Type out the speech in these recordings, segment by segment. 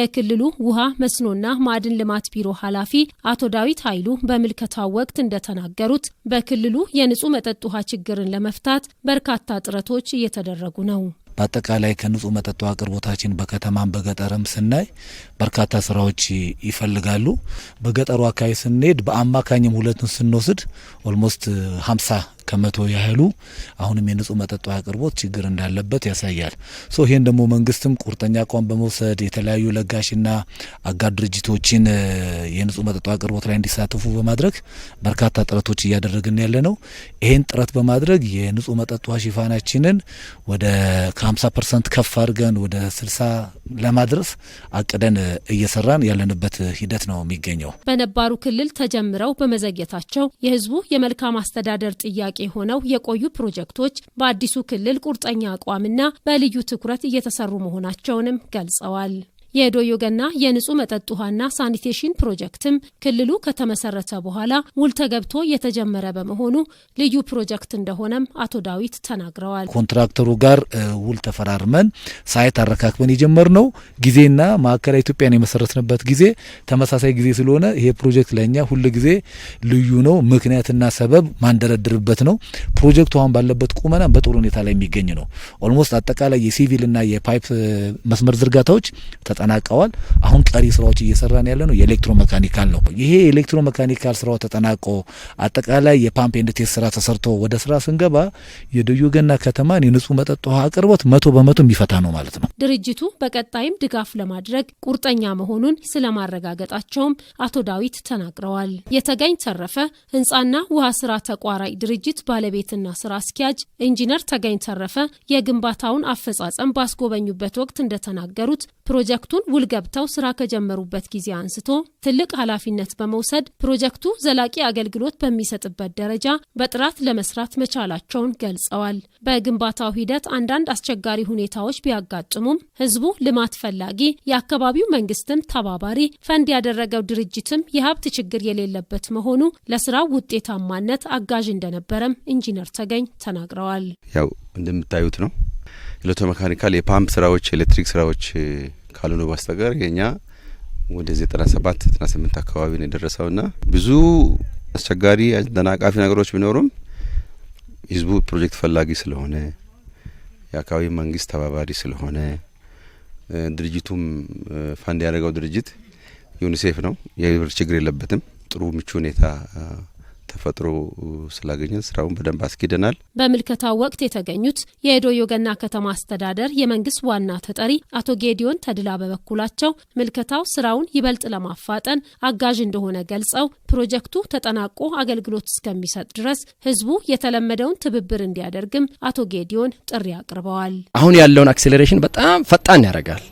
የክልሉ ውሃ መስኖና ማዕድን ልማት ቢሮ ኃላፊ አቶ ዳዊት ኃይሉ በምልከታው ወቅት እንደተናገሩት በክልሉ የንጹህ መጠጥ ውሃ ችግርን ለመፍታት በርካታ ጥረቶች እየተደረጉ ነው። በአጠቃላይ ከንጹህ መጠጥ ውሃ አቅርቦታችን በከተማም በገጠርም ስናይ በርካታ ስራዎች ይፈልጋሉ። በገጠሩ አካባቢ ስንሄድ በአማካኝም ሁለቱን ስንወስድ ኦልሞስት ሀምሳ ከመቶ ያህሉ አሁንም የንጹህ መጠጥ አቅርቦት ችግር እንዳለበት ያሳያል። ሶ ይህን ደግሞ መንግስትም ቁርጠኛ አቋም በመውሰድ የተለያዩ ለጋሽና አጋር ድርጅቶችን የንጹህ መጠጥ አቅርቦት ላይ እንዲሳተፉ በማድረግ በርካታ ጥረቶች እያደረግን ያለ ነው። ይህን ጥረት በማድረግ የንጹህ መጠጥ ሽፋናችንን ወደ ከ50 ፐርሰንት ከፍ አድርገን ወደ 60 ለማድረስ አቅደን እየሰራን ያለንበት ሂደት ነው የሚገኘው። በነባሩ ክልል ተጀምረው በመዘግየታቸው የህዝቡ የመልካም አስተዳደር ጥያቄ ዘላቂ ሆነው የቆዩ ፕሮጀክቶች በአዲሱ ክልል ቁርጠኛ አቋምና በልዩ ትኩረት እየተሰሩ መሆናቸውንም ገልጸዋል። የዶዮ ገና የንጹህ መጠጥ ውሃና ሳኒቴሽን ፕሮጀክትም ክልሉ ከተመሰረተ በኋላ ውል ተገብቶ የተጀመረ በመሆኑ ልዩ ፕሮጀክት እንደሆነም አቶ ዳዊት ተናግረዋል። ኮንትራክተሩ ጋር ውል ተፈራርመን ሳይት አረካክበን የጀመርነው ጊዜና ማዕከላዊ ኢትዮጵያን የመሰረትንበት ጊዜ ተመሳሳይ ጊዜ ስለሆነ ይሄ ፕሮጀክት ለእኛ ሁል ጊዜ ልዩ ነው። ምክንያትና ሰበብ ማንደረድርበት ነው። ፕሮጀክቱ አሁን ባለበት ቁመና በጥሩ ሁኔታ ላይ የሚገኝ ነው። ኦልሞስት አጠቃላይ የሲቪልና የፓይፕ መስመር ዝርጋታዎች ተጠናቀዋል። አሁን ቀሪ ስራዎች እየሰራን ያለ ነው የኤሌክትሮ መካኒካል ነው። ይሄ የኤሌክትሮ መካኒካል ስራው ተጠናቆ አጠቃላይ የፓምፕ ኤንድ ቴስት ስራ ተሰርቶ ወደ ስራ ስንገባ የድዩ ገና ከተማን የንጹህ መጠጥ ውሃ አቅርቦት መቶ በመቶ የሚፈታ ነው ማለት ነው። ድርጅቱ በቀጣይም ድጋፍ ለማድረግ ቁርጠኛ መሆኑን ስለማረጋገጣቸውም አቶ ዳዊት ተናግረዋል። የተገኝ ተረፈ ህንፃና ውሃ ስራ ተቋራጭ ድርጅት ባለቤትና ስራ አስኪያጅ ኢንጂነር ተገኝ ተረፈ የግንባታውን አፈጻጸም ባስጎበኙበት ወቅት እንደተናገሩት ፕሮጀክቱን ውል ገብተው ስራ ከጀመሩበት ጊዜ አንስቶ ትልቅ ኃላፊነት በመውሰድ ፕሮጀክቱ ዘላቂ አገልግሎት በሚሰጥበት ደረጃ በጥራት ለመስራት መቻላቸውን ገልጸዋል። በግንባታው ሂደት አንዳንድ አስቸጋሪ ሁኔታዎች ቢያጋጥሙም ህዝቡ ልማት ፈላጊ፣ የአካባቢው መንግስትም ተባባሪ፣ ፈንድ ያደረገው ድርጅትም የሀብት ችግር የሌለበት መሆኑ ለስራው ውጤታማነት አጋዥ እንደነበረም ኢንጂነር ተገኝ ተናግረዋል። ያው እንደምታዩት ነው። መካኒካል የፓምፕ ስራዎች፣ የኤሌክትሪክ ስራዎች ካልሆነ በስተቀር የኛ ወደ 97 98 አካባቢ ነው የደረሰውና ብዙ አስቸጋሪ አደናቃፊ ነገሮች ቢኖሩም ህዝቡ ፕሮጀክት ፈላጊ ስለሆነ የአካባቢ መንግስት ተባባሪ ስለሆነ ድርጅቱም ፋንድ ያደረገው ድርጅት ዩኒሴፍ ነው። የብር ችግር የለበትም። ጥሩ ምቹ ሁኔታ ተፈጥሮ ስላገኘን ስራውን በደንብ አስኪደናል። በምልከታው ወቅት የተገኙት የኤዶ ዮገና ከተማ አስተዳደር የመንግስት ዋና ተጠሪ አቶ ጌዲዮን ተድላ በበኩላቸው ምልከታው ስራውን ይበልጥ ለማፋጠን አጋዥ እንደሆነ ገልጸው ፕሮጀክቱ ተጠናቆ አገልግሎት እስከሚሰጥ ድረስ ህዝቡ የተለመደውን ትብብር እንዲያደርግም አቶ ጌዲዮን ጥሪ አቅርበዋል። አሁን ያለውን አክሴሌሬሽን በጣም ፈጣን ያደርጋል።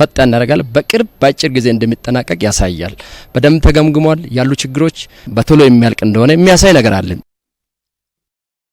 ፈጣን ያደርጋል። በቅርብ በአጭር ጊዜ እንደሚጠናቀቅ ያሳያል። በደንብ ተገምግሟል። ያሉ ችግሮች በቶሎ የሚያልቅ እንደሆነ የሚያሳይ ነገር አለን።